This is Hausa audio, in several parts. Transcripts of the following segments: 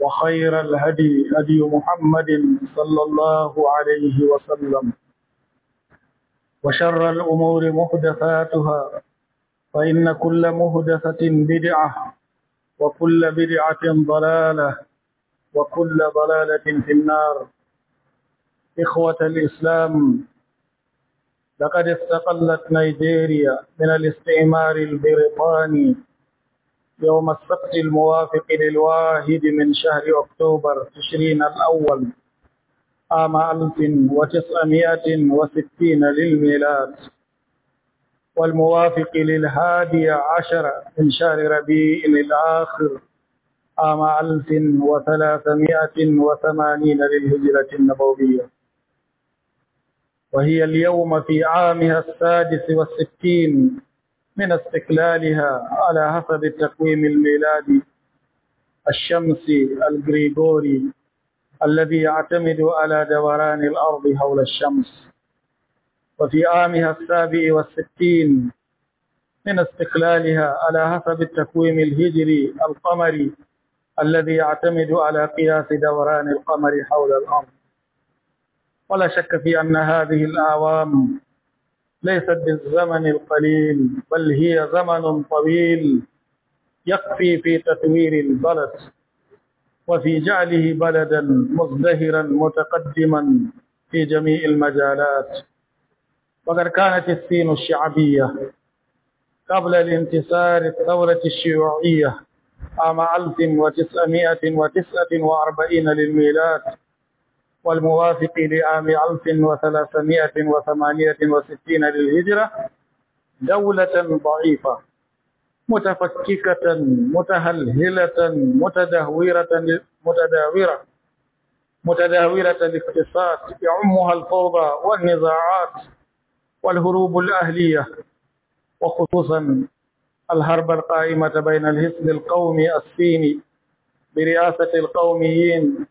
وخير الهدي هدي محمد صلى الله عليه وسلم وشر الأمور محدثاتها فإن كل مهدثة بدعة وكل بدعة ضلالة وكل ضلالة في النار إخوة الإسلام لقد استقلت نيجيريا من الاستعمار البريطاني يوم السبت الموافق للواحد من شهر أكتوبر تشرين الأول عام 1960 للميلاد والموافق للهادي عشر من شهر ربيع الآخر عام 1380 للهجرة النبوية وهي اليوم في عامها السادس والستين من استقلالها على حسب التقويم الميلادي الشمسي الغريغوري الذي يعتمد على دوران الأرض حول الشمس وفي عامها السابع والستين من استقلالها على حسب التقويم الهجري القمري الذي يعتمد على قياس دوران القمر حول الأرض ولا شك في أن هذه الأعوام ليست بالزمن القليل بل هي زمن طويل يكفي في تطوير البلد وفي جعله بلدا مزدهرا متقدما في جميع المجالات وقد كانت الصين الشعبية قبل الانتصار الثورة الشيوعية عام 1949 للميلاد والموافق لعام 1368 للهجرة دولة ضعيفة متفككة متهلهلة متدهورة متداورة متداورة الاقتصاد يعمها الفوضى والنزاعات والهروب الأهلية وخصوصا الحرب القائمة بين الحزب القومي الصيني برئاسة القوميين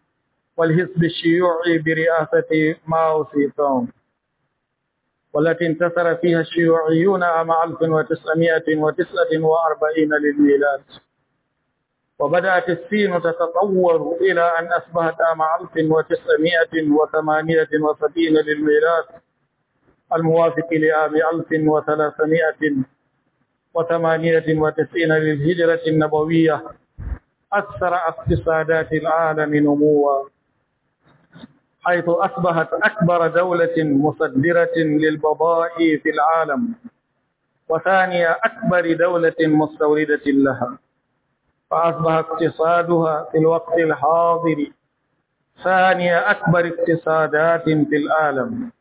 والحزب الشيوعي برئاسة ماو سي تونغ والتي انتصر فيها الشيوعيون عام 1949 للميلاد وبدأت الصين تتطور إلى أن أصبحت عام 1978 للميلاد الموافق لعام 1398 للهجرة النبوية أكثر اقتصادات العالم نمواً حيث أصبحت أكبر دولة مصدرة للبضائع في العالم وثانية أكبر دولة مستوردة لها فأصبح اقتصادها في الوقت الحاضر ثانية أكبر اقتصادات في العالم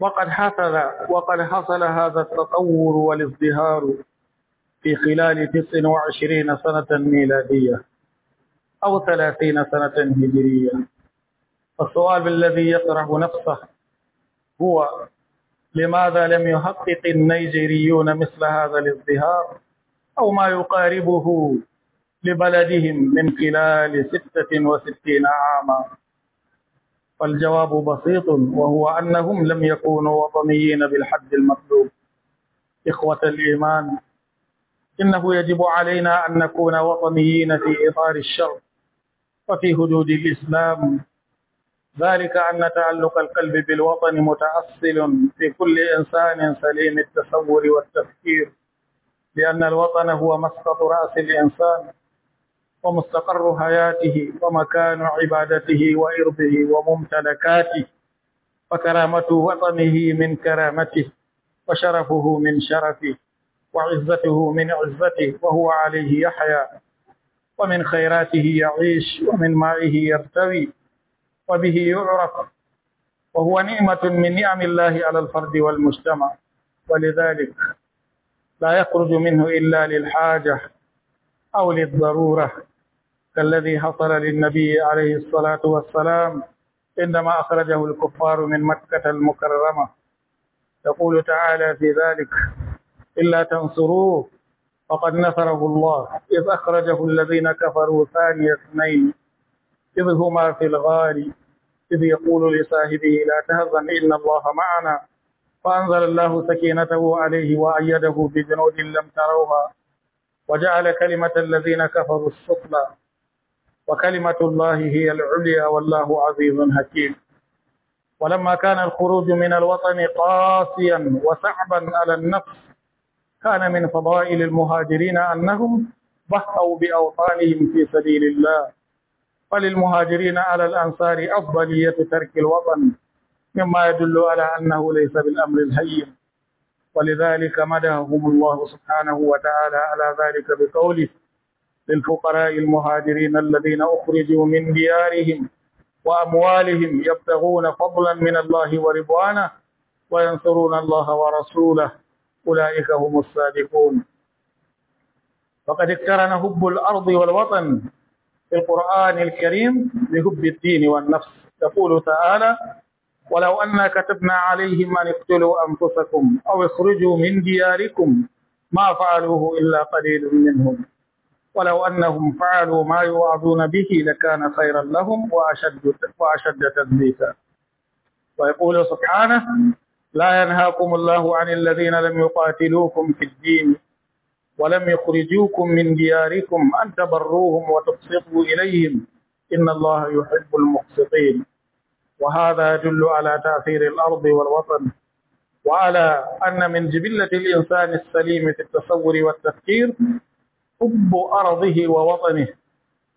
وقد حصل وقد حصل هذا التطور والازدهار في خلال 29 سنة ميلادية أو ثلاثين سنة هجرية السؤال الذي يطرح نفسه هو لماذا لم يحقق النيجيريون مثل هذا الازدهار أو ما يقاربه لبلدهم من خلال ستة وستين عاما فالجواب بسيط وهو أنهم لم يكونوا وطنيين بالحد المطلوب إخوة الإيمان إنه يجب علينا أن نكون وطنيين في إطار الشرط وفي حدود الإسلام ذلك أن تعلق القلب بالوطن متأصل في كل إنسان سليم التصور والتفكير لأن الوطن هو مسقط رأس الإنسان ومستقر حياته ومكان عبادته وإرضه وممتلكاته وكرامة وطنه من كرامته وشرفه من شرفه وعزته من عزته وهو عليه يحيا ومن خيراته يعيش ومن مائه يرتوي وبه يعرف وهو نعمة من نعم الله على الفرد والمجتمع ولذلك لا يخرج منه إلا للحاجة أو للضرورة كالذي حصل للنبي عليه الصلاة والسلام عندما أخرجه الكفار من مكة المكرمة يقول تعالى في ذلك إلا تنصروه فقد نصره الله إذ أخرجه الذين كفروا ثاني اثنين إذ هما في الغار إذ يقول لصاحبه لا تهزن إن الله معنا فأنزل الله سكينته عليه وأيده بجنود لم تروها وجعل كلمة الذين كفروا السفلى وكلمة الله هي العليا والله عزيز حكيم ولما كان الخروج من الوطن قاسيا وصعبا على النفس كان من فضائل المهاجرين أنهم ضحوا بأوطانهم في سبيل الله فللمهاجرين على الأنصار أفضلية ترك الوطن مما يدل على أنه ليس بالأمر الهين ولذلك مدحهم الله سبحانه وتعالى على ذلك بقوله للفقراء المهاجرين الذين أخرجوا من ديارهم وأموالهم يبتغون فضلا من الله ورضوانه وينصرون الله ورسوله أولئك هم الصادقون فقد اقترن حب الأرض والوطن في القرآن الكريم بحب الدين والنفس يقول تعالى ولو أنا كتبنا عليهم أن اقتلوا أنفسكم أو اخرجوا من دياركم ما فعلوه إلا قليل منهم ولو أنهم فعلوا ما يوعظون به لكان خيرا لهم وأشد, وأشد تثبيتا ويقول سبحانه لا ينهاكم الله عن الذين لم يقاتلوكم في الدين ولم يخرجوكم من دياركم أن تبروهم وتقسطوا إليهم إن الله يحب المقسطين وهذا يدل على تأثير الأرض والوطن وعلى أن من جبلة الإنسان السليم في التصور والتفكير حب أرضه ووطنه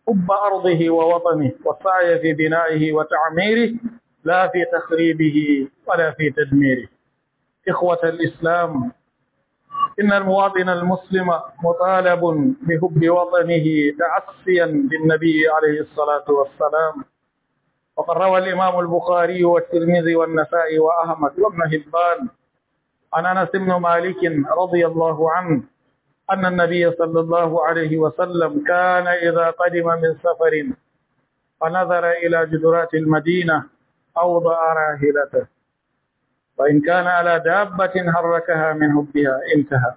حب أرضه ووطنه والسعي في بنائه وتعميره لا في تخريبه ولا في تدميره إخوة الإسلام إن المواطن المسلم مطالب بهب وطنه تعصيا للنبي عليه الصلاة والسلام وقد روى الإمام البخاري والترمذي والنسائي وأحمد وابن هبان عن أنس بن مالك رضي الله عنه أن النبي صلى الله عليه وسلم كان إذا قدم من سفر فنظر إلى جدرات المدينة أو راحلته وإن كان على دابة حركها من حبها انتهى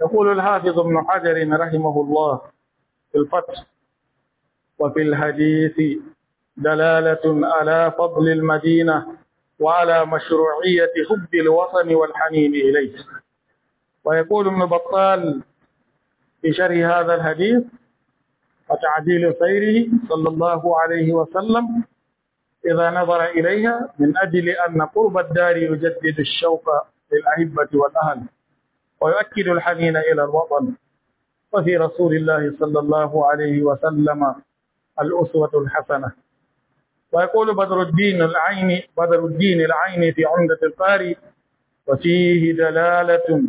يقول الحافظ ابن حجر رحمه الله في الفتح وفي الحديث دلالة على فضل المدينة وعلى مشروعية حب الوطن والحنين إليه ويقول ابن بطال في شرح هذا الحديث وتعديل سيره صلى الله عليه وسلم إذا نظر إليها من أجل أن قرب الدار يجدد الشوق للأحبة والأهل ويؤكد الحنين إلى الوطن وفي رسول الله صلى الله عليه وسلم الأسوة الحسنة ويقول بدر الدين العيني بدر الدين العيني في عمدة القاري وفيه دلالة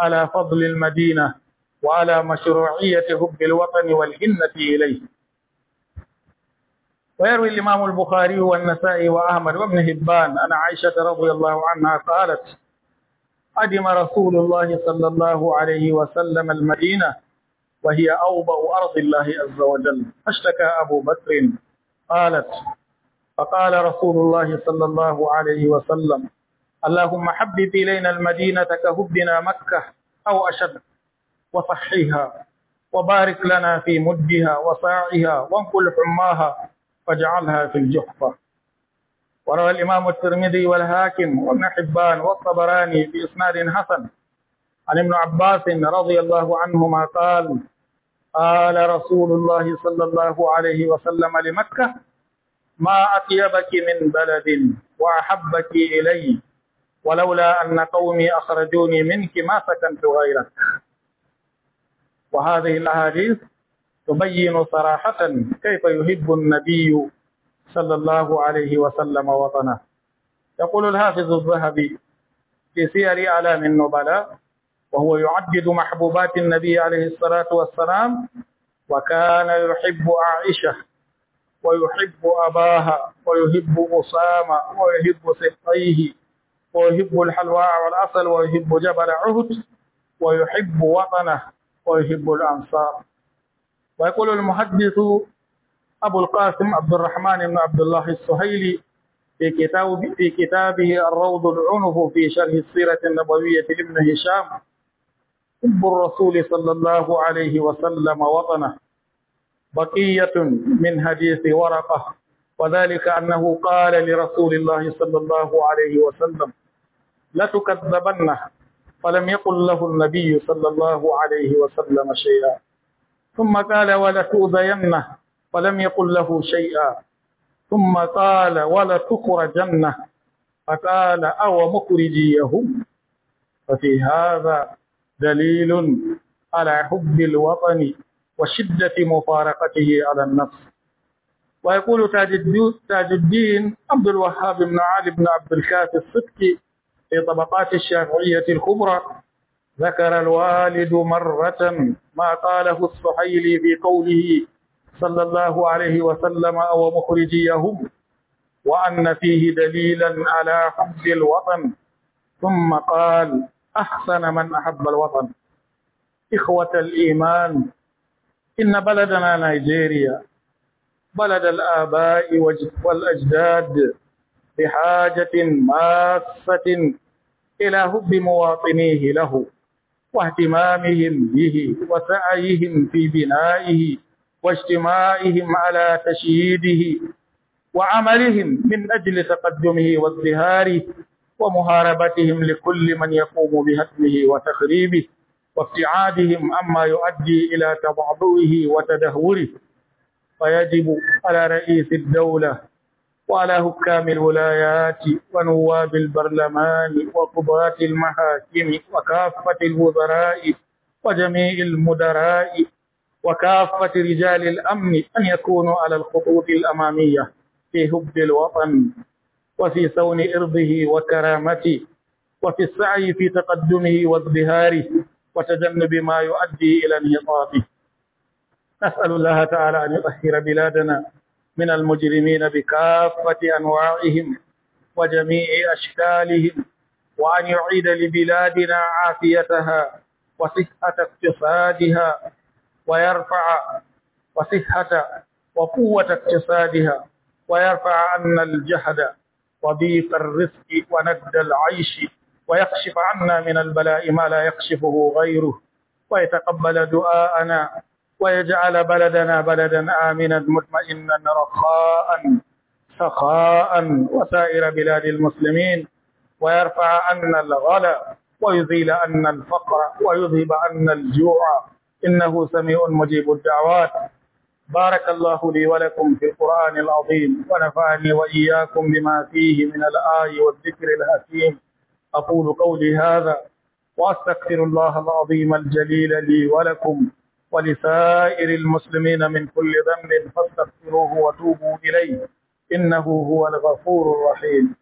على فضل المدينة وعلى مشروعية حب الوطن والهنة إليه ويروي الإمام البخاري والنسائي وأحمد وابن هبان أن عائشة رضي الله عنها قالت قدم رسول الله صلى الله عليه وسلم المدينة وهي أوبأ أرض الله عز وجل فاشتكى أبو بكر قالت فقال رسول الله صلى الله عليه وسلم اللهم حبب إلينا المدينة كهبنا مكة أو أشد وصحيها وبارك لنا في مدها وصاعها وانقل حماها فاجعلها في الجحفة وروى الإمام الترمذي والهاكم وابن حبان والطبراني بإسناد حسن عن ابن عباس رضي الله عنهما قال قال رسول الله صلى الله عليه وسلم لمكة ما أطيبك من بلد وأحبك إلي ولولا أن قومي أخرجوني منك ما سكنت غيرك وهذه الأحاديث تبين صراحة كيف يحب النبي صلى الله عليه وسلم وطنه يقول الحافظ الذهبي في سير أعلام النبلاء وهو يعدد محبوبات النبي عليه الصلاة والسلام وكان يحب عائشة ويحب أباها ويحب أسامة ويحب سقيه ويحب الحلواء والعسل ويحب جبل عهد ويحب وطنه ويحب الأنصار ويقول المحدث أبو القاسم عبد الرحمن بن عبد الله السهيلي في كتاب في كتابه الروض العنف في شرح السيرة النبوية لابن هشام حب الرسول صلى الله عليه وسلم وطنه بقية من حديث ورقة وذلك أنه قال لرسول الله صلى الله عليه وسلم لتكذبنه فلم يقل له النبي صلى الله عليه وسلم شيئا ثم قال ولتؤذينه ولم يقل له شيئا ثم قال ولتخرجنه فقال أو مخرجيهم ففي هذا دليل على حب الوطن وشدة مفارقته على النفس ويقول تاج الدين عبد الوهاب بن علي بن عبد الكافي الصدقي في طبقات الشافعية الكبرى ذكر الوالد مرة ما قاله الصحيلي في قوله صلى الله عليه وسلم أو مخرجيهم وأن فيه دليلا على حب الوطن ثم قال أحسن من أحب الوطن إخوة الإيمان إن بلدنا نيجيريا بلد الآباء والأجداد بحاجة ماسة إلى حب مواطنيه له واهتمامهم به وسعيهم في بنائه واجتماعهم على تشييده وعملهم من أجل تقدمه وازدهاره ومحاربتهم لكل من يقوم بهدمه وتخريبه وابتعادهم عما يؤدي إلى تبعضه وتدهوره فيجب على رئيس الدولة وعلى حكام الولايات ونواب البرلمان وقضاة المحاكم وكافة الوزراء وجميع المدراء وكافة رجال الأمن أن يكونوا على الخطوط الأمامية في حب الوطن وفي صون إرضه وكرامته وفي السعي في تقدمه وازدهاره وتجنب ما يؤدي إلى انهطاطه نسأل الله تعالى أن يطهر بلادنا من المجرمين بكافة أنواعهم وجميع أشكالهم وأن يعيد لبلادنا عافيتها وصحة اقتصادها ويرفع وصحة وقوة اقتصادها ويرفع عنا الجهد وضيق الرزق وند العيش ويكشف عنا من البلاء ما لا يكشفه غيره ويتقبل دعاءنا ويجعل بلدنا بلدا آمنا مطمئنا رخاء سخاء وسائر بلاد المسلمين ويرفع عنا الغلا ويزيل عنا الفقر ويذهب عنا الجوع إنه سميع مجيب الدعوات بارك الله لي ولكم في القرآن العظيم ونفعني وإياكم بما فيه من الآي والذكر الحكيم أقول قولي هذا وأستغفر الله العظيم الجليل لي ولكم ولسائر المسلمين من كل ذنب فاستغفروه وتوبوا إليه إنه هو الغفور الرحيم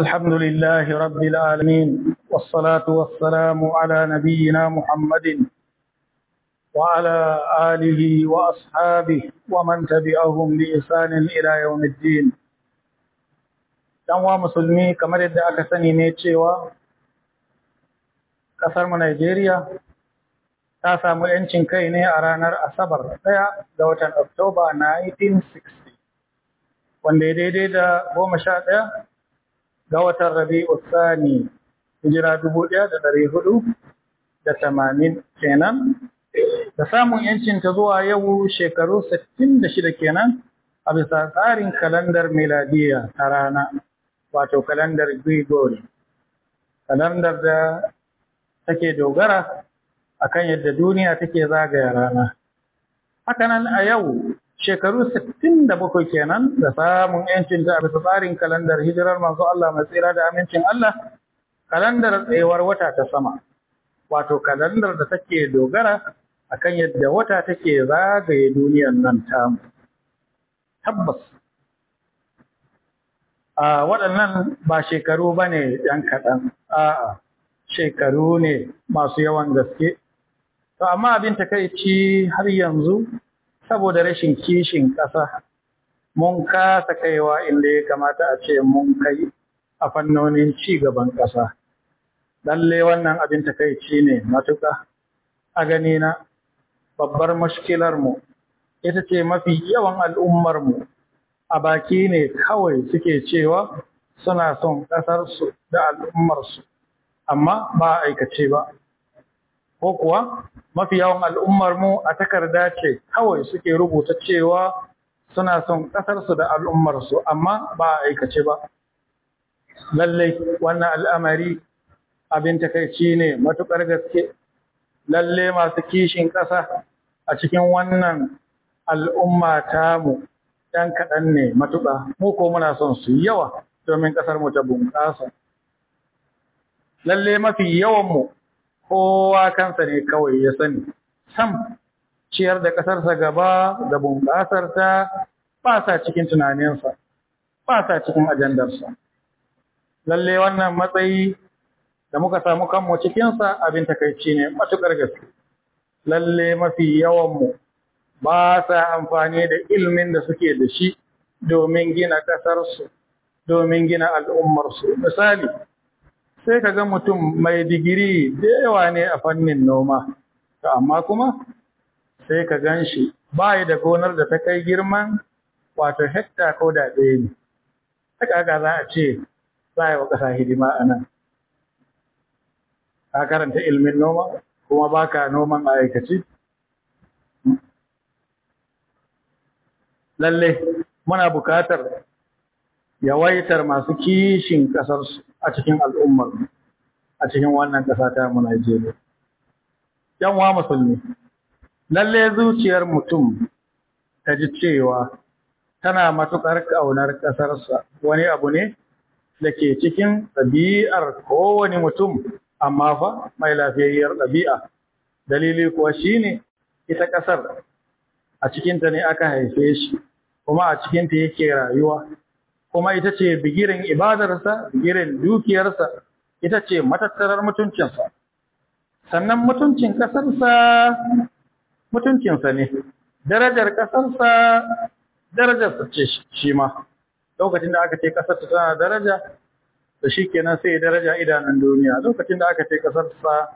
الحمد لله رب العالمين والصلاة والسلام على نبينا محمد وعلى آله وأصحابه ومن تبعهم بإحسان إلى يوم الدين ɗan musulmi kamar yadda aka sani ne cewa ƙasarmu Najeriya ta samu ‘yancin kai ne a ranar Asabar ɗaya ga watan Oktoba 1960, wanda ya daidai da goma sha ɗaya ga watan rabi'u tsani hijira dubu ɗaya da ɗari hudu da tamanin kenan da samun yancin ta zuwa yau shekaru sittin da shida kenan a bisa tsarin kalandar miladiya ta rana wato kalandar Gregory kalandar da take dogara akan yadda duniya take zagaya rana hakanan a yau shekaru 67 kenan da samun yancin ta a bisa tsarin kalandar hijirar masu Allah mai tsira da amincin Allah kalandar tsayuwar wata ta sama wato kalandar da take dogara akan yadda wata take zagaye duniyar nan tamu tabbas a waɗannan ba shekaru ba ne ɗan kaɗan a'a shekaru ne masu yawan gaske to amma abin takaici har yanzu saboda rashin kishin ƙasa mun kasa kaiwa inda ya kamata a ce mun kai a fannonin ci gaban ƙasa lalle wannan abin takaici ne matuƙa a ganina babbar mashkilar mu ita ce mafi yawan al'ummar mu a baki ne kawai suke cewa suna son ƙasarsu da al'ummarsu amma ba aikace ba ko kuwa mafi yawan al'ummar mu a takarda ce kawai suke rubuta cewa suna son ƙasarsu da al'ummarsu amma ba a aikace ba lallai wannan al'amari abin takaici ne matuƙar gaske Lallai masu kishin ƙasa a cikin wannan al'umma tamu ɗan kaɗan ne matuƙa mu ko muna son su yawa domin ƙasarmu ta bunƙasa Lallai mafi yawan mu kowa kansa ne kawai ya sani sam ciyar da ƙasarsa gaba da bunƙasarta ba sa cikin tunaninsa ba sa cikin ajandarsa lalle wannan matsayi da muka samu kanmu cikinsa abin takaici ne matuƙar gaske lalle mafi yawanmu ba sa amfani da ilmin da suke da shi domin gina ƙasarsu domin gina al'ummarsu misali sai ka ga mutum mai digiri da yawa ne a fannin noma amma kuma sai ka gan shi ba da gonar da ta kai girman wato hekta ko da ɗaya ne haka haka za a ce za a yi wa ƙasa hidima a nan ka karanta ilmin noma kuma baka noman a aikaci hmm. lalle muna bukatar yawaitar masu kishin ƙasarsu a cikin al'ummar a cikin wannan ƙasa ta mu Najeriya. ‘Yan wa musulmi, lalle zuciyar mutum ta ji cewa tana matuƙar ƙaunar ƙasarsa wani abu ne da ke cikin ɗabi'ar kowane mutum, amma fa mai lafiyayyar ɗabi'a. Dalili kuwa shi ne ita ƙasar, a cikinta ne aka haife shi, kuma a cikinta yake rayuwa. kuma ita ce bigirin ibadarsa bigirin dukiyarsa ita ce matattarar mutuncinsa sannan mutuncin ƙasarsa mutuncinsa ne darajar ƙasarsa darajarsa ce shi ma lokacin da aka ce ƙasarsa tana daraja da shi kenan sai daraja idanun duniya lokacin da aka ce ƙasarsa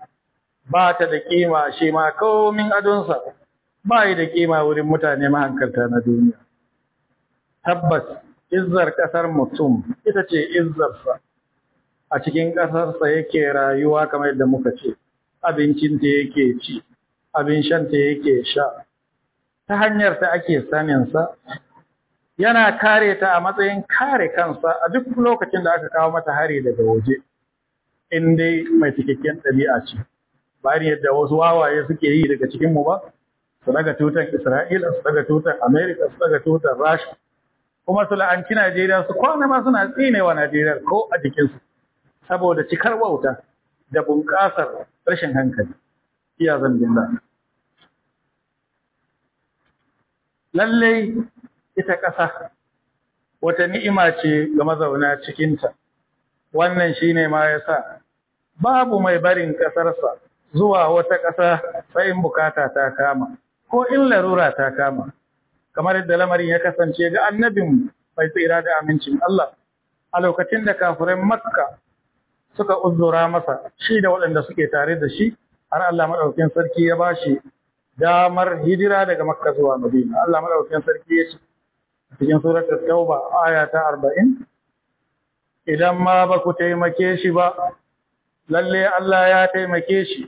ba ta da kima shi ma komin adonsa ba yi da kima wurin mutane mahankalta na duniya tabbas izzar ƙasar mutum ita ce izzarsa a cikin ƙasarsa yake rayuwa kamar yadda muka ce abincinta yake ci abin shanta yake sha ta hanyar ta ake saninsa yana kare ta a matsayin kare kansa a duk lokacin da aka kawo mata hari daga waje in dai mai cikakken ɗabi'a ce ni yadda wasu wawaye suke yi daga cikinmu ba su daga tutan isra'ila su daga tutan america su daga tutan rasha kuma su la'anci Najeriya su kwana ma suna tsinewa Najeriya ko a jikinsu saboda cikar wauta da bunƙasar rashin hankali iya zambin da lallai ita ƙasa wata ni'ima ce ga mazauna cikinta wannan shine ma ya sa. babu mai barin ƙasarsa zuwa wata ƙasa sai in bukata ta kama ko in larura ta kama kamar yadda lamarin ya kasance ga annabin mai tsira da amincin Allah a lokacin da kafirin Makka suka uzura masa shi da waɗanda suke tare da shi har Allah madaukakin sarki ya bashi damar hijira daga Makka zuwa Madina Allah madaukakin sarki ya ce cikin surat Tauba aya ta 40 idan ma ba ku taimake shi ba lalle Allah ya taimake shi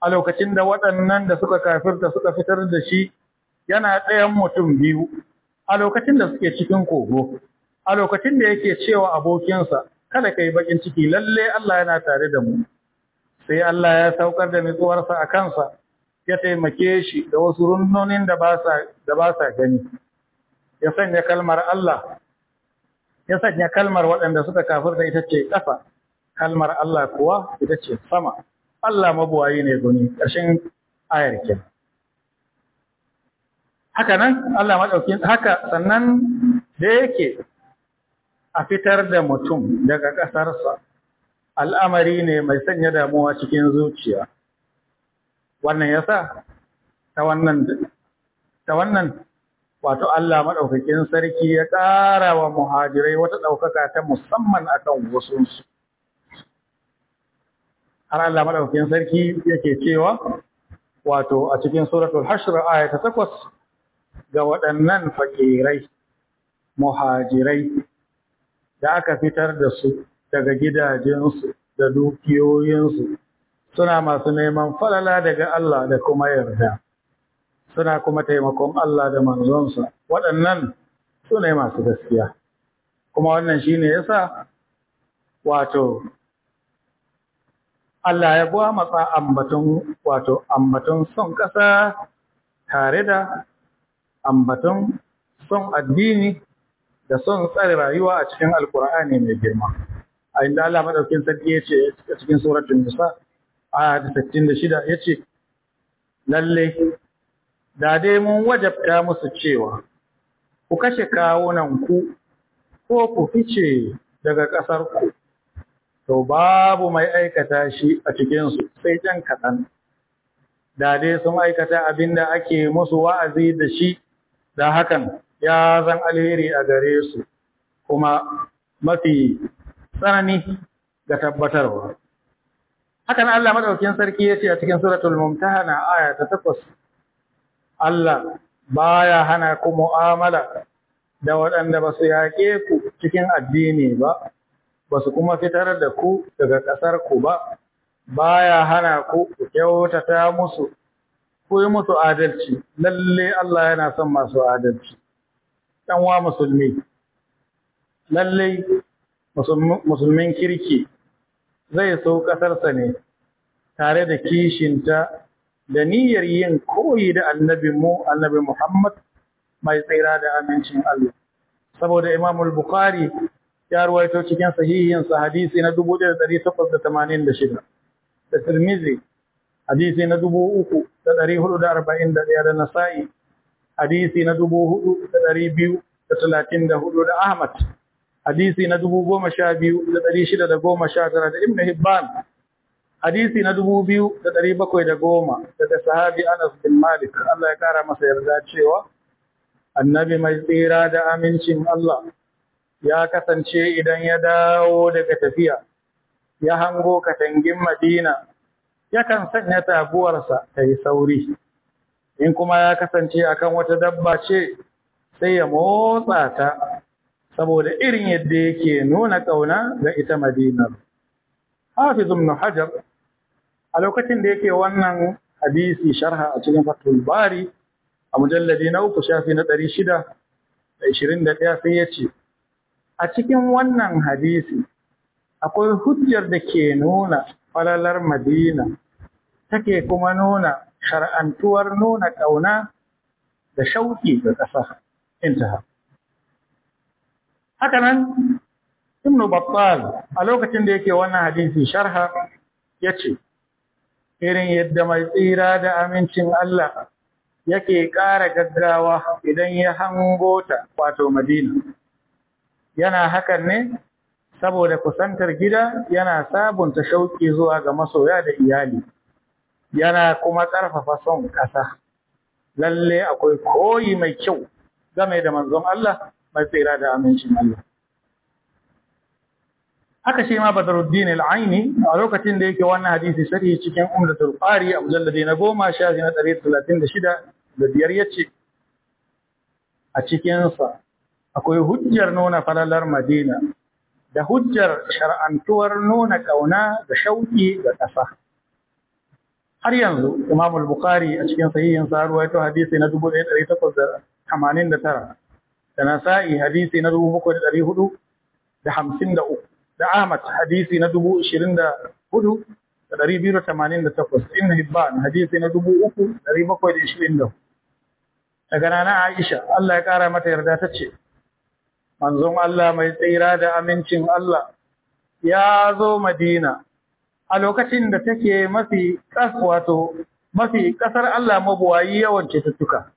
a lokacin da waɗannan da suka kafirta suka fitar da shi yana ɗayan mutum biyu a lokacin da suke cikin kogo a lokacin da yake cewa abokinsa kada ka yi bakin ciki lalle Allah yana tare da mu sai Allah ya saukar da nutsuwarsa a kansa ya taimake shi da wasu runnonin da ba sa gani ya sanya kalmar Allah ya sanya kalmar waɗanda suka kafirta ita ce ƙafa kalmar Allah kuwa ita ce sama Allah mabuwayi ne guni ƙarshen ayar kenan haka nan Allah madaukin haka sannan da yake a fitar da mutum daga ƙasarsa al'amari ne mai sanya damuwa cikin zuciya wannan yasa ta wannan ta wannan wato Allah madaukakin sarki ya ƙara wa muhajirai wata ɗaukaka ta musamman akan wasunsu har Allah madaukakin sarki yake cewa wato a cikin suratul hashr ayata ta 8 ga waɗannan fakirai muhajirai da aka fitar da su daga gidajensu da dukiyoyinsu suna masu neman falala daga Allah da kuma yarda suna kuma taimakon Allah da manzonsa waɗannan su ne masu gaskiya kuma wannan shine yasa wato Allah ya buwa matsa ambaton wato ambaton son ƙasa tare da ambaton son addini da son tsare rayuwa a cikin alkur'ani mai girma a inda Allah madaukin sarki yace a cikin suratul nisa aya ta 66 yace lalle da dai mun wajabta musu cewa ku kashe kawunan ku ko ku fice daga kasar ku to babu mai aikata shi a cikin su sai jan kaɗan. da dai sun aikata abinda ake musu wa'azi da shi don hakan ya zan alheri a gare su kuma mafi tsanani ga tabbatarwa. Hakan Allah maɗaukin sarki ya ce a cikin suratul mumtahana aya ta takwas, Allah baya hana ku mu'amala da waɗanda ba su yaƙe ku cikin addini ba, ba su kuma fitar da ku daga ƙasar ku ba, baya hana ku ku kyautata musu ko yi musu adalci lalle Allah yana son masu adalci ɗan wa musulmi lalle musulmin kirki zai so ƙasarsa ne tare da kishinta da niyyar yin koyi da annabi mu annabi Muhammad mai tsira da amincin Allah saboda Imam al-Bukhari ya ruwaito cikin sahihinsa sa hadisi na 1886 da Tirmidhi hadisi na dubu uku da ɗari hudu da arba'in da ɗaya da nasa'i hadisi na dubu hudu da ɗari biyu da talatin da hudu da ahmad hadisi na dubu goma sha biyu da ɗari shida da goma sha tara da ibn hibban hadisi na dubu biyu da ɗari bakwai da goma daga sahabi anas bin malik allah ya kara masa yarda cewa annabi mai tsira da amincin allah ya kasance idan ya dawo daga tafiya ya hango katangin madina yakan sanya taguwarsa ta yi sauri in kuma ya kasance a kan wata dabba ce sai ya motsa ta saboda irin yadda yake nuna ƙauna ga ita madinar hafizu ibn hajar a lokacin da yake wannan hadisi sharha a cikin fatul bari a mujalladi na uku shafi na ɗari shida da ishirin da ɗaya sai ya ce a cikin wannan hadisi akwai hujjar da ke nuna falalar madina take kuma nuna shar'antuwar nuna ƙauna da shauƙi ga ƙasa intaha haka nan ibnu battal a lokacin da yake wannan hadisi sharha ya ce, irin yadda mai tsira da amincin Allah yake ƙara gaggawa idan ya hango ta wato Madina yana hakan ne saboda kusantar gida yana sabunta shauƙi zuwa ga masoya da iyali yana kuma ƙarfafa son ƙasa lalle akwai koyi mai kyau game da manzon Allah mai tsira da amincin Allah haka shi ma Badruddin al-Aini a lokacin da yake wannan hadisi sharhi cikin Umdatul Qari a mujalladi na 10 shafi na 136 da biyar yace a cikin sa akwai hujjar nuna falalar Madina da hujjar shar'antuwar nuna ƙauna da shauƙi ga ƙasa. Har yanzu, Imam Bukhari a cikin sahihin sa ruwaito hadisi na 1889 da Nasa'i hadisi na 7453 da 53 da Ahmad hadisi na 24288 inna Hibban hadisi na 3724 daga nana Aisha Allah ya kara mata yarda ta ce manzon Allah mai tsira da amincin Allah ya zo Madina a lokacin da take mafi wato mafi ƙasar Allah mabuwayi yawan cututtuka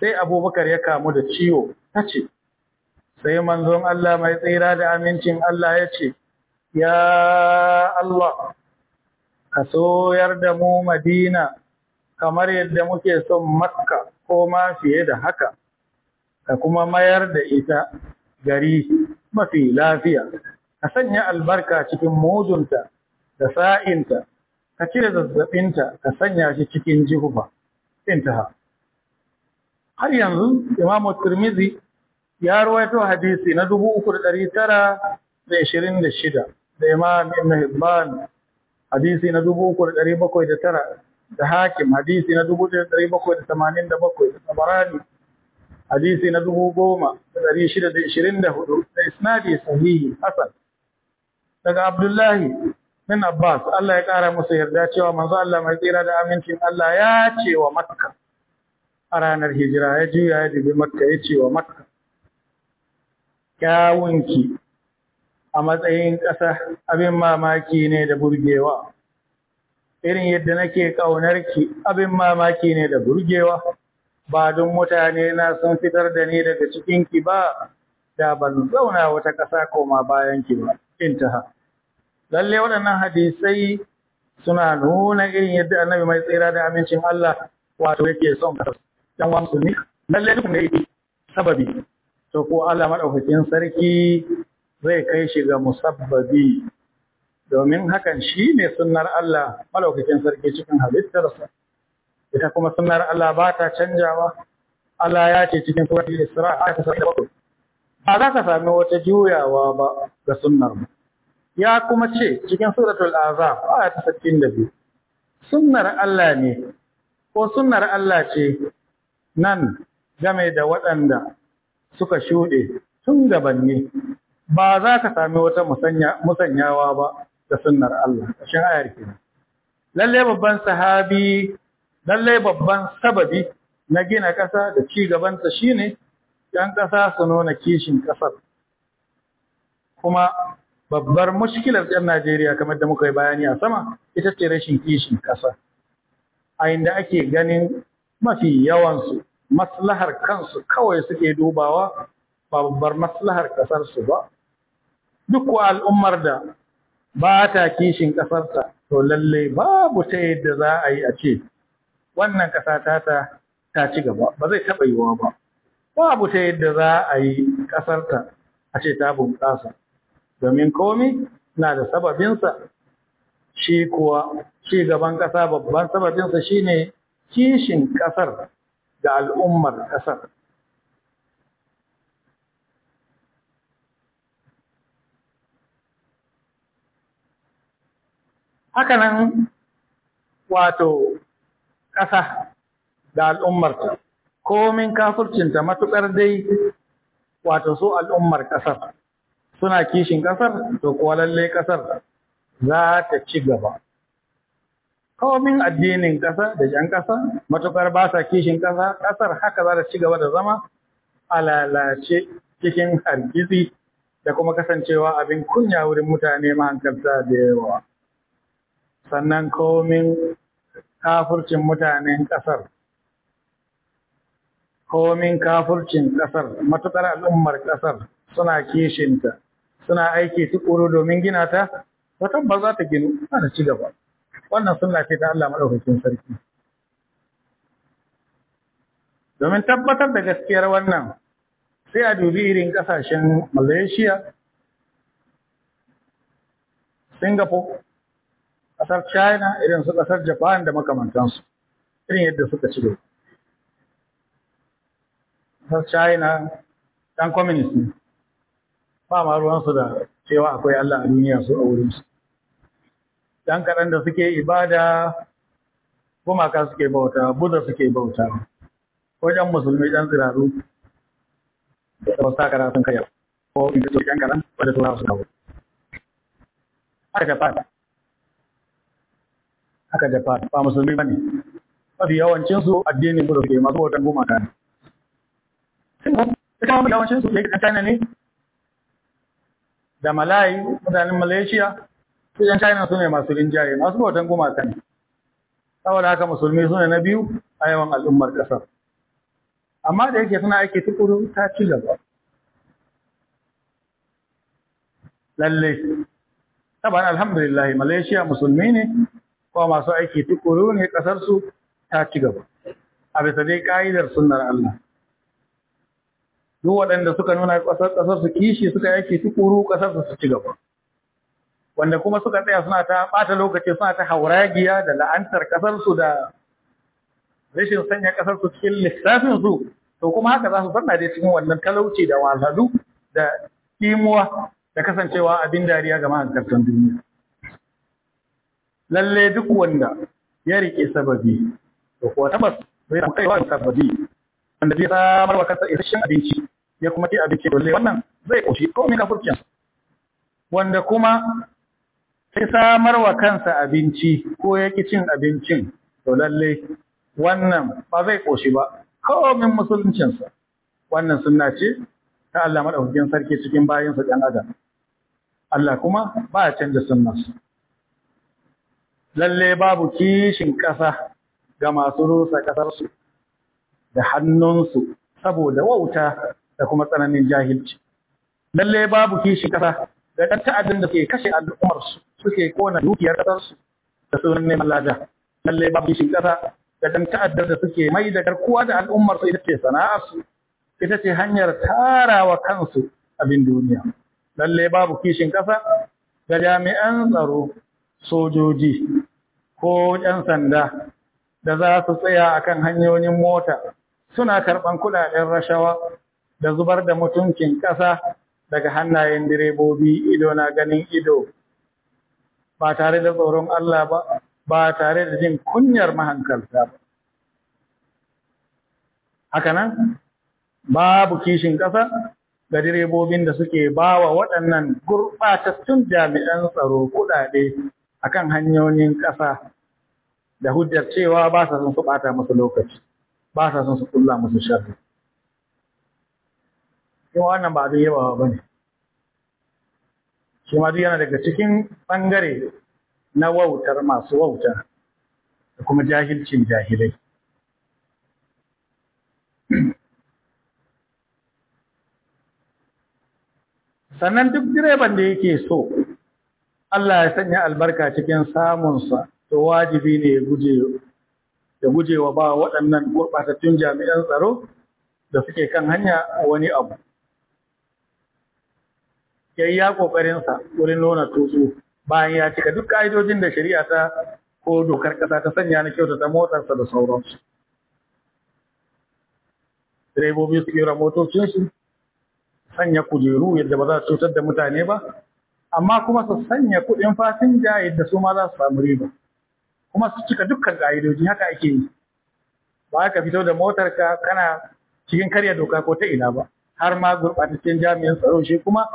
sai Abubakar ya kamu da ciwo ta ce, sai manzon Allah mai tsira da amincin Allah ya ce ya Allah ka soyar da mu Madina kamar yadda muke son Makka ko ma fiye da haka ka kuma mayar da ita gari mafi lafiya ka sanya albarka cikin mojinta da sa'inta ka cire zazzabinta ka sanya shi cikin jihufa intaha har yanzu imamu Turmizi ya ruwaito hadisi na 3926 da imam ibn hibban hadisi na 3709 da hakim hadisi na 1787 da tabarani hadisi na dubu goma da ɗari shida da ishirin da hudu da isnadi sahihi hasan daga abdullahi bin abbas allah ya ƙara musu yarda cewa manzo allah mai tsira da amincin allah ya ce wa makka a ranar hijira ya juya ya dubi makka ya ce wa makka kyawunki a matsayin ƙasa abin mamaki ne da burgewa irin yadda nake ƙaunarki abin mamaki ne da burgewa ba don mutane na sun fitar da ni daga cikinki ba da ban zauna wata ƙasa koma bayanki ba intaha lalle waɗannan hadisai suna nuna irin yadda annabi mai tsira da amincin Allah wato yake son ka dan wa musulmi lalle duk ne sababi to ko Allah madaukakin sarki zai kai shi ga musabbabi domin hakan shine sunnar Allah madaukakin sarki cikin halittarsa ita kuma sunar Allah ba ta canjawa Allah ya ce cikin suratul Isra ayat 77 ba za ka sami wata juyawa ba ga sunnar mu ya kuma ce cikin suratul Azab ayat biyu. sunnar Allah ne ko sunnar Allah ce nan game da waɗanda suka shuɗe tun gabanni ba za ka sami wata musanyawa ba ga sunnar Allah ƙarshen ayar ke lalle babban sahabi lallai babban sababi na gina ƙasa da ci gabanta shine ‘yan ƙasa su nuna kishin ƙasar kuma babbar mushkilar ‘yan Najeriya kamar da muka yi bayani a sama ita ce rashin kishin ƙasa a inda ake ganin mafi yawansu maslahar kansu kawai suke dubawa ba babbar maslahar ƙasarsu ba duk al'ummar da ba ta kishin ƙasarsa, to lallai babu ta yadda za a yi a ce wannan ƙasa ta ta ta ci gaba ba zai taɓa yiwuwa ba babu ta yadda za a yi ƙasarta a ce ta bunƙasa domin komi na da sababinsa shi kuwa ci gaban ƙasa babban sababinsa shine kishin ƙasar da al'ummar ƙasar hakanan wato ƙasa da al'ummarta komin kafircinta matuƙar dai wato su al'ummar ƙasar suna kishin ƙasar to kuwa lalle ƙasar za ta ci gaba komin addinin ƙasa da jan ƙasa matuƙar ba sa kishin ƙasa ƙasar haka za ta ci gaba da zama a lalace cikin hargitsi da kuma kasancewa abin kunya wurin mutane mahankarta da yawa sannan komin kafurcin mutanen ƙasar komin kafurcin ƙasar matuƙar al'ummar ƙasar suna kishinta suna aiki tukuru domin gina ta ba za ta ginu ba ta ci gaba wannan sun ce ta Allah madaukakin sarki domin tabbatar da gaskiyar wannan sai a dubi irin ƙasashen Malaysia Singapore ƙasar china irin su ƙasar japan da makamantansu irin yadda suka ci gaba ƙasar china ɗan communist ne ba ma ruwansu da cewa akwai allah a duniya su a wurinsu ɗan kaɗan da suke ibada gumaka suke bauta buddha suke bauta wajen musulmi ɗan tsiraru da wasu sun kayar ko in fito ɗan kaɗan wadda turawa su kawo aka japan aka dafa ba musulmi ne mafi yawancin su addini mu ke masu goma gumaka ne ita mafi yawancin su ya China ne da Malayi mutanen Malaysia su yan China su ne masu rinjaye masu goma gumaka ne saboda haka musulmi su ne na biyu a yawan al'ummar ƙasar amma da yake suna aiki tukuru ta ci gaba Ta taban alhamdulillah Malaysia musulmi ne ko masu aiki tukuru ne kasar su ta ci gaba a bisa dai ka'idar sunnar Allah duk waɗanda suka nuna kasar kasar su kishi suka aiki tukuru kasar su ci gaba wanda kuma suka tsaya suna ta bata lokaci suna ta hauragiya da la'antar kasar su da rashin sanya kasar su cikin lissafin su to kuma haka za su zanna dai cikin wannan talauci da wazalu da kimuwa da kasancewa abin dariya ga ma'aikatan duniya lalle duk wanda ya rike sababi to kuwa tabbas zai kai wa sababi wanda zai samar wa kansa isasshen abinci ya kuma ci abinci dole wannan zai koshi ko mai kafurcin wanda kuma sai samar wa kansa abinci ko ya ki cin abincin to lalle wannan ba zai koshi ba musuluncin sa wannan sunna ce ta Allah madaukakin sarki cikin sa dan adam Allah kuma ba ya canza sunnarsa lalle babu kishin ƙasa ga masu rusa ƙasarsu da hannunsu saboda wauta da kuma tsananin jahilci. Lalle babu kishin ƙasa da ɗan ta'addin da suke kashe al'ummarsu suke kona dukiyar ƙasarsu da sunan neman lada. Lalle babu kishin ƙasa da ɗan ta'addar da suke mai da garkuwa da al'ummarsu ita ce sana'arsu, ita ce hanyar tarawa kansu abin duniya. Lalle babu kishin ƙasa ga jami'an tsaro sojoji ko 'yan sanda da za su tsaya a kan hanyoyin mota suna karɓan kuɗaɗen rashawa da zubar da mutuncin ƙasa daga hannayen direbobi ido na ganin ido ba tare da tsoron Allah ba ba tare da jin kunyar mahankalta ba hakanan babu kishin ƙasa ga direbobin da suke bawa waɗannan gurɓatattun jami'an tsaro kuɗaɗe akan hanyoyin ƙasa da hujjar cewa ba sa son su ɓata musu lokaci ba sa son su kulla musu sharri shi wannan ba abin yawa ba ne shi ma duk yana daga cikin ɓangare na wautar masu wauta da kuma jahilcin jahilai sannan duk direban da yake so Allah ya sanya albarka cikin samunsa to wajibi ne ya guje wa ba waɗannan gurɓatattun jami'an tsaro da suke kan hanya a wani abu ya yi ya ƙoƙarinsa wurin nuna tutsu bayan ya cika duk ƙa'idojin da shari'a ta ko dokar ƙasa ta sanya na ta motarsa da sauransu direbobi su kera motocinsu sanya kujeru yadda ba za su cutar da mutane ba amma kuma su sanya kuɗin fasinja yadda su ma za su samu riba kuma su cika dukkan ƙa'idoji haka ake yi ba ka fito da motar ka kana cikin karya doka ko ta ina ba har ma gurɓataccen jami'in tsaro shi kuma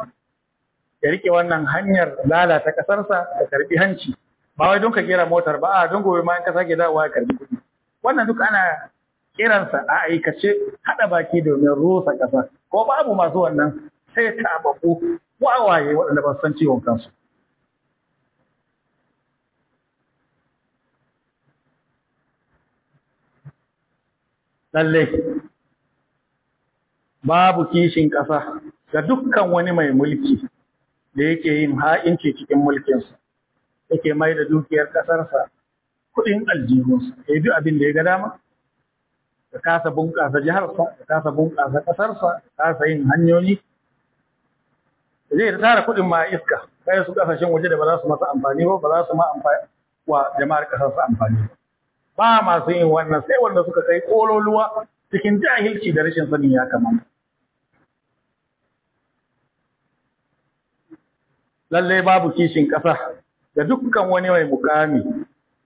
ya rike wannan hanyar lalata ƙasarsa da karɓi hanci ba wai don ka kera motar ba a don gobe ma in ka sake dawowa ya karɓi kuɗi wannan duk ana kiransa a aikace haɗa baki domin rusa ƙasa ko babu masu wannan sai ta babu wawaye waɗanda ba san ciwon kansu lalle babu kishin ƙasa ga dukkan wani mai mulki da yake yin ha'inci cikin mulkinsa yake mai da dukiyar ƙasarsa kuɗin aljihunsa ya bi abin da ya ga dama ya kasa bunƙasa jiharsa ya kasa bunƙasa ƙasarsa ya kasa yin hanyoyi zai tara kuɗin ma iska kai su kasashen waje da ba za su masa amfani ba ba za su ma amfani wa jama'ar kasar su amfani ba masu yin wannan sai wanda suka kai kololuwa cikin jahilci da rashin sani ya kamata lalle babu kishin ƙasa da dukkan wani mai mukami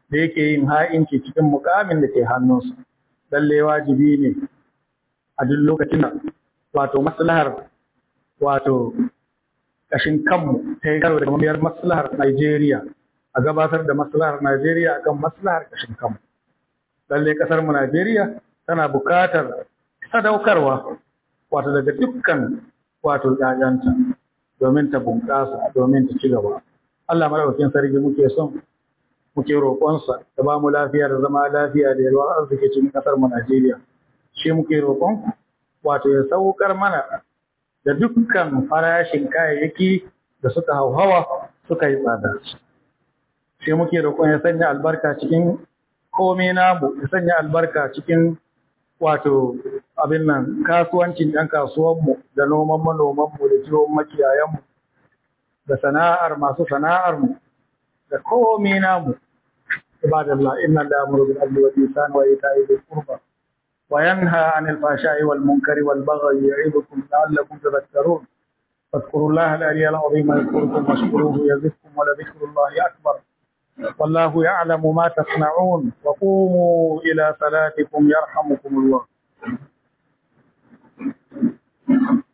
da yake yin ha'inci cikin mukamin da ke hannunsa lalle wajibi ne a duk lokacin wato maslahar wato kashin kanmu ta yi karo da maslahar Najeriya a gabatar da maslahar Najeriya akan maslahar kashin kanmu. Lalle ƙasar mu Najeriya tana buƙatar sadaukarwa wato daga dukkan wato ƴaƴanta domin ta bunƙasa domin ta ci gaba. Allah madaukakin sarki muke son muke roƙonsa da ba mu lafiya da zama lafiya da yalwa arziki cikin ƙasar mu Najeriya. Shi muke roƙon wato ya saukar mana da dukkan farashin kayayyaki da suka hauhawa suka yi tsada sai muke roƙon ya sanya albarka cikin komai namu ya sanya albarka cikin wato abin nan kasuwancin ɗan kasuwanmu da noman manomanmu da kiwon makiyayanmu da sana'ar masu sana'armu da komai namu ibadallah inna la amru bil Allah wa ihsan wa yi dhil kurba. وينهى عن الفحشاء والمنكر والبغي يعظكم لعلكم تذكرون فاذكروا الله العلي العظيم يذكركم واشكروه يزدكم ولذكر الله أكبر والله يعلم ما تصنعون وقوموا إلى صلاتكم يرحمكم الله